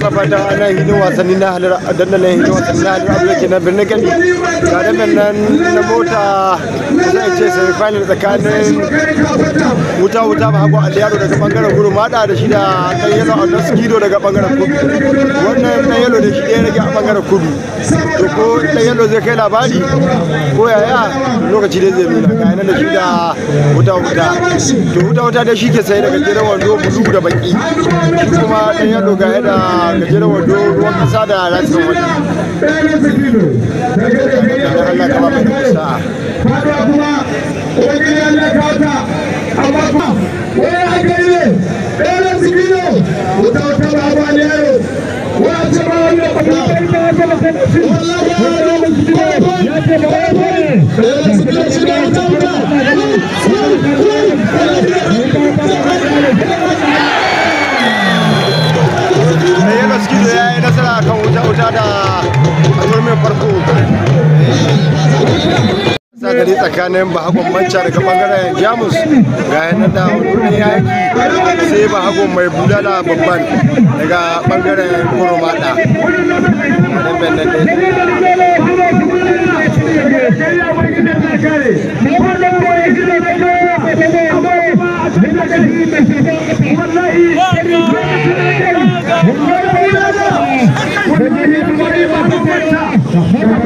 ma fatan ana hidin wasanni na halar dandalin hidin wasanni na halar abu ke na birnin gani ga damin nan na mota ce sai tsakanin wuta wuta ba hagu aliyaro daga bangaren guru mada da shi da dan yalo a nasu gido daga bangaren kudu wannan dan yalo da shi ɗaya rage a bangaren kudu to ko dan yalo zai kai labari ko yaya lokaci dai zai nuna ga da shi da wuta wuta to wuta wuta da shi ke sai daga gidan wando bulu da baki shi kuma dan yalo ga da. da gajeren wando ruwan kasa da ratsin wani Allah kama mai kusa fada kuma wani Allah kawata amma kuma wani hankali ne ɗaya su biyo wuta wuta ba ba ne yaro wani ce ba wani da kuma kai ta wata masallaci wallahi ya wani da su biyo ya ce ba wani ne ɗaya su biyo shi da wuta wuta gani tsakanin bahagon manca daga bangaren jamus ga yanar da wani yaki sai bahagon mai bulala babban daga bangaren kurumada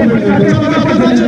Thank you.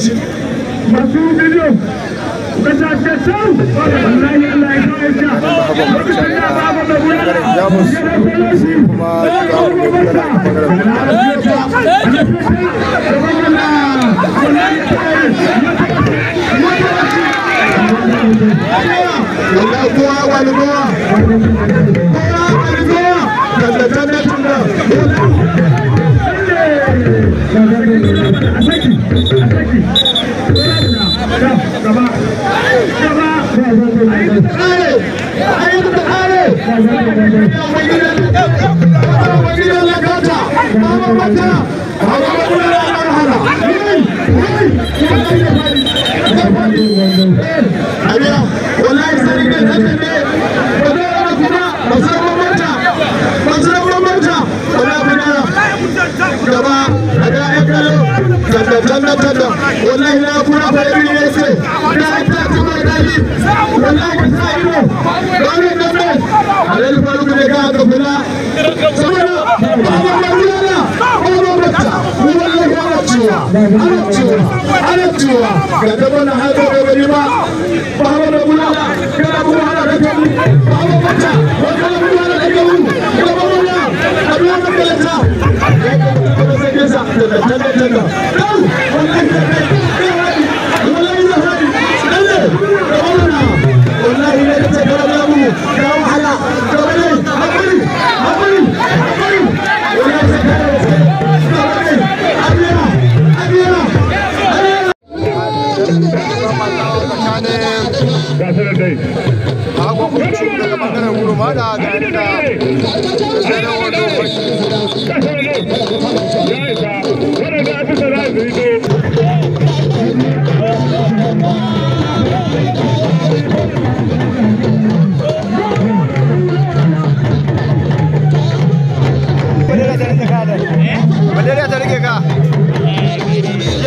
shi masu bidiyo da shakatau wallahi ya da da Gaba, a ga 'yan kalo, da Ibrahim wallahi ka sa ido ranar nan ne Alhaji Faruk ne ka aka ne gasar dai a kwakwai gudu da gani da da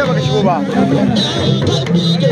wani da ta